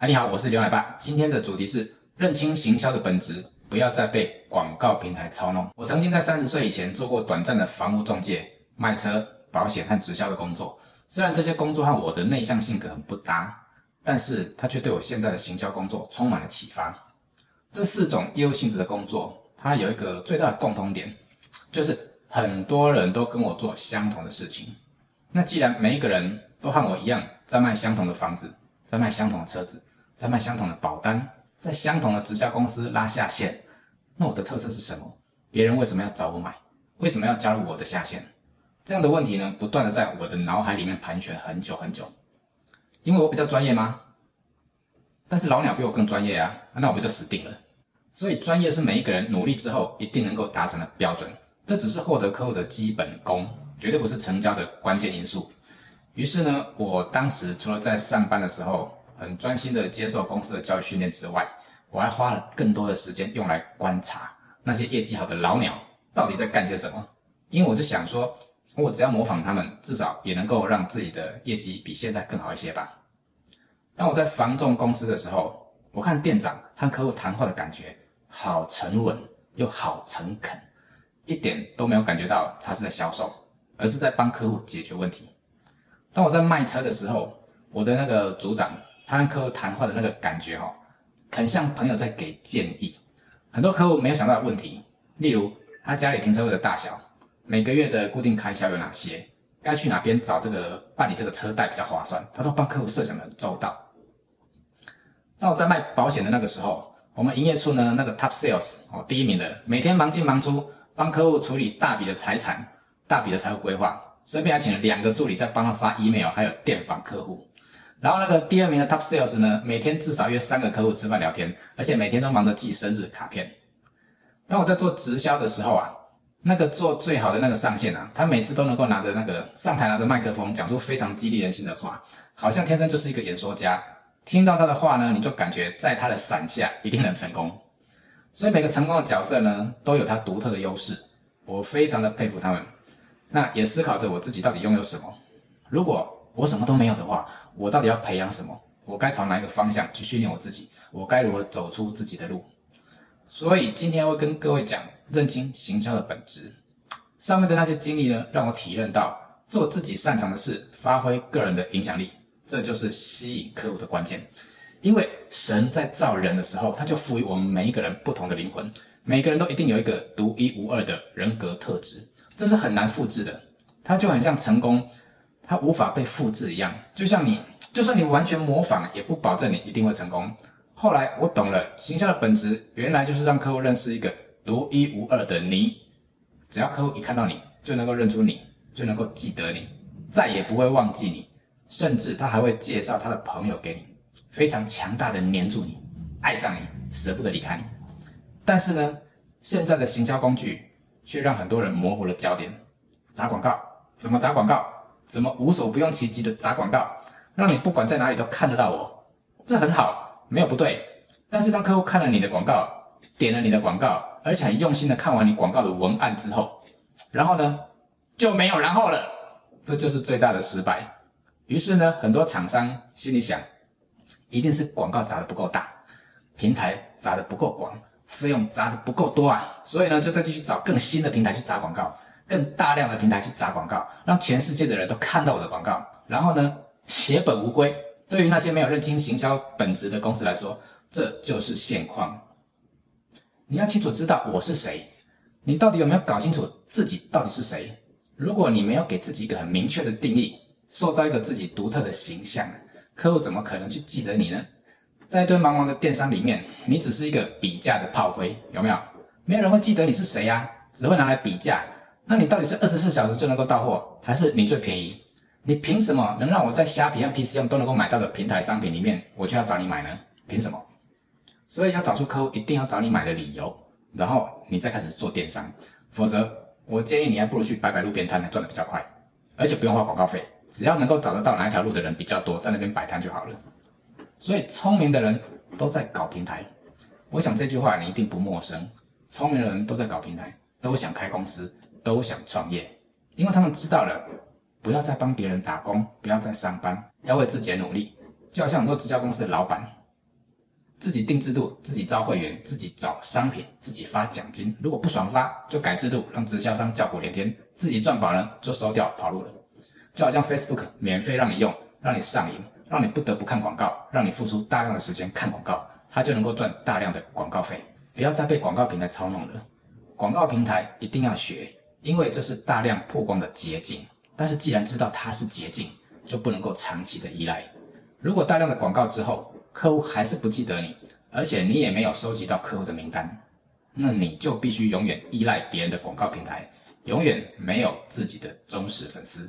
啊，你好，我是劉奶爸。今天的主題是認清行銷的本質，不要再被廣告平台操弄。我曾經在三十歲以前做過短暫的房屋仲介、賣車、保險和直銷的工作。雖然這些工作和我的內向性格很不搭，但是它卻對我現在的行銷工作充滿了啟發。這四種業務性質的工作，它有一個最大的共同點，就是很多人都跟我做相同的事情。那既然每一個人都和我一樣在賣相同的房子，在賣相同的車子，在賣相同的保單，在相同的直銷公司拉下線，那我的特色是什麼？別人為什麼要找我買？為什麼要加入我的下線？這樣的問題呢，不斷的在我的腦海裡面盤旋很久很久。因為我比較專業嗎？但是老鳥比我更專業啊，那我不就死定了？所以專業是每一個人努力之後一定能夠達成的標準，這只是獲得客戶的基本功，絕對不是成交的關鍵因素。於是呢，我當時除了在上班的時候很專心地接受公司的教育訓練之外，我還花了更多的時間用來觀察那些業績好的老鳥到底在幹些什麼。因為我就想說，我只要模仿他們，至少也能夠讓自己的業績比現在更好一些吧。當我在房仲公司的時候，我看店長和客戶談話的感覺好沉穩又好誠懇，一點都沒有感覺到他是在銷售，而是在幫客戶解決問題。當我在賣車的時候，我的那個組長，他跟客戶談話的那個感覺哈，很像朋友在給建議。很多客戶沒有想到的問題，例如他家裡停車位的大小，每個月的固定開銷有哪些，該去哪邊找這個辦理這個車貸比較划算，他都幫客戶設想的很周到。當我在賣保險的那個時候，我們營業處呢，那個 top sales 哦，第一名的，每天忙進忙出，幫客戶處理大筆的財產、大筆的財務規劃。身邊還請了兩個助理在幫他發 email，還有電訪客戶。然後那個第二名的 top sales 呢，每天至少約三個客戶吃飯聊天，而且每天都忙着寄生日卡片。當我在做直銷的時候啊，那個做最好的那個上線啊，他每次都能夠拿着那個上台拿着麥克風講出非常激勵人心的話，好像天生就是一個演說家。聽到他的話呢，你就感覺在他的傘下一定能成功。所以每個成功的角色呢，都有他獨特的優勢，我非常的佩服他們。那也思考着我自己到底擁有什麼。如果我什麼都沒有的話，我到底要培養什麼？我該朝哪一個方向去訓練我自己？我該如何走出自己的路？所以今天會跟各位講認清行銷的本質。上面的那些經歷呢，讓我體認到做自己擅長的事，發揮個人的影響力，這就是吸引客戶的關鍵。因為神在造人的時候，他就賦予我們每一個人不同的靈魂，每個人都一定有一個獨一無二的人格特質。這是很難複製的，它就很像成功，它無法被複製一樣。就像你，就算你完全模仿，也不保證你一定會成功。後來我懂了，行銷的本質原來就是讓客戶認識一個獨一無二的你。只要客戶一看到你，就能夠認出你，就能夠記得你，再也不會忘記你，甚至他還會介紹他的朋友給你，非常強大的黏住你，愛上你，捨不得離開你。但是呢，現在的行銷工具，卻讓很多人模糊了焦點。砸廣告，怎麼砸廣告？怎麼無所不用其極的砸廣告，讓你不管在哪裡都看得到我，這很好，沒有不對。但是當客戶看了你的廣告，點了你的廣告，而且很用心的看完你廣告的文案之後，然後呢，就沒有然後了，這就是最大的失敗。於是呢，很多廠商心裡想，一定是廣告砸得不夠大，平台砸得不夠廣。費用砸得不夠多啊，所以呢，就再繼續找更新的平台去砸廣告，更大量的平台去砸廣告，讓全世界的人都看到我的廣告。然後呢，血本無歸。對於那些沒有認清行銷本質的公司來說，這就是現況。你要清楚知道我是誰，你到底有沒有搞清楚自己到底是誰？如果你沒有給自己一個很明確的定義，塑造一個自己獨特的形象，客戶怎麼可能去記得你呢？在一堆茫茫的電商裡面，你只是一個比價的炮灰，有沒有？沒有人會記得你是誰呀，啊，只會拿來比價。那你到底是二十四小時就能夠到貨，還是你最便宜？你憑什麼能讓我在蝦皮和 P C M 都能夠買到的平台商品裡面，我卻要找你買呢？憑什麼？所以要找出客戶一定要找你買的理由，然後你再開始做電商，否則我建議你還不如去擺擺路邊攤，賺得比較快，而且不用花廣告費，只要能夠找得到哪一條路的人比較多，在那邊擺攤就好了。所以，聰明的人都在搞平台。我想這句話你一定不陌生：聰明的人都在搞平台，都想開公司，都想創業，因為他們知道了，不要再幫別人打工，不要再上班，要為自己努力。就好像很多直銷公司的老板，自己定制度，自己招會員，自己找商品，自己發獎金。如果不爽發，就改制度，讓直銷商叫苦連天。自己賺飽了，就收掉跑路了。就好像 Facebook 免費讓你用，讓你上癮。讓你不得不看廣告，讓你付出大量的時間看廣告，它就能夠賺大量的廣告費。不要再被廣告平台操弄了。廣告平台一定要學，因為這是大量曝光的捷徑。但是既然知道它是捷徑，就不能夠長期的依賴。如果大量的廣告之後，客戶還是不記得你，而且你也沒有收集到客戶的名單，那你就必須永遠依賴別人的廣告平台，永遠沒有自己的忠實粉絲。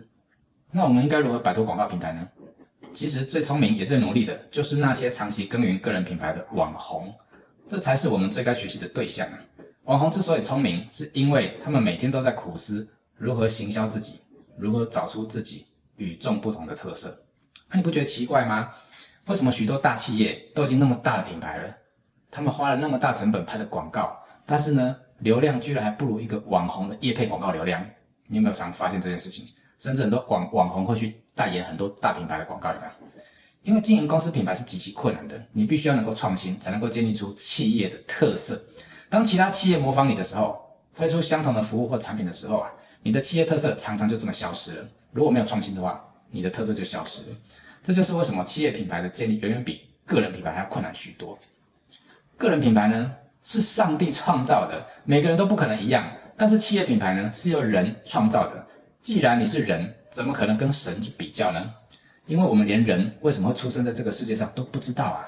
那我們應該如何擺脫廣告平台呢？其實最聰明也最努力的，就是那些長期耕耘個人品牌的網紅，這才是我們最該學習的對象。網紅之所以聰明，是因為他們每天都在苦思如何行銷自己，如何找出自己與眾不同的特色。啊。那你不覺得奇怪嗎？為什麼許多大企業都已經那麼大的品牌了，他們花了那麼大成本拍的廣告，但是呢，流量居然還不如一個網紅的業配廣告流量？你有沒有常發現這件事情？甚至很多網網紅會去。代言很多大品牌的廣告，有沒有？因為經營公司品牌是極其困難的，你必須要能夠創新，才能夠建立出企業的特色。當其他企業模仿你的時候，推出相同的服務或產品的時候啊，你的企業特色常常就這麼消失了。如果沒有創新的話，你的特色就消失了。這就是為什麼企業品牌的建立遠遠比個人品牌還要困難許多。個人品牌呢，是上帝創造的，每個人都不可能一樣，但是企業品牌呢，是由人創造的。既然你是人，怎麼可能跟神去比較呢？因為我們連人為什麼會出生在這個世界上都不知道啊！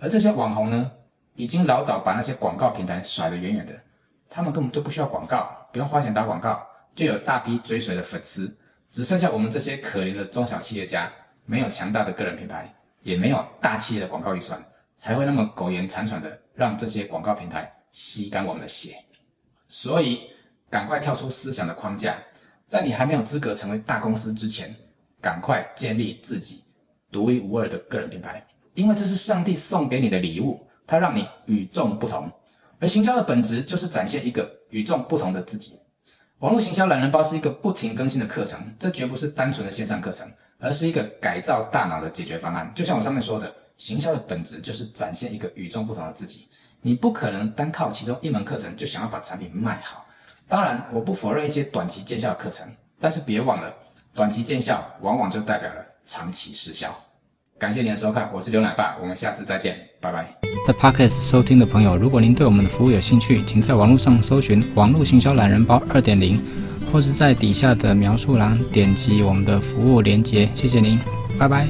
而這些網紅呢，已經老早把那些廣告平台甩得遠遠的，他們根本就不需要廣告，不用花錢打廣告，就有大批追隨的粉絲。只剩下我們這些可憐的中小企業家，沒有強大的個人品牌，也沒有大企業的廣告預算，才會那麼苟延殘喘的讓這些廣告平台吸乾我們的血。所以，趕快跳出思想的框架。在你還沒有資格成為大公司之前，趕快建立自己獨一無二的個人品牌，因為這是上帝送給你的禮物，它讓你與眾不同。而行銷的本質就是展現一個與眾不同的自己。網絡行銷懶人包是一個不停更新的課程，這絕不是單純的線上課程，而是一個改造大腦的解決方案。就像我上面說的，行銷的本質就是展現一個與眾不同的自己。你不可能單靠其中一門課程就想要把產品賣好。當然，我不否認一些短期見效的課程，但是別忘了，短期見效往往就代表了長期失效。感謝您的收看，我是劉奶爸，我們下次再見，拜拜。在 Podcast 收聽的朋友，如果您對我們的服務有興趣，請在網路上搜尋“網路行銷懶人包 2.0”，或是在底下的描述欄點擊我們的服務連結。謝謝您，拜拜。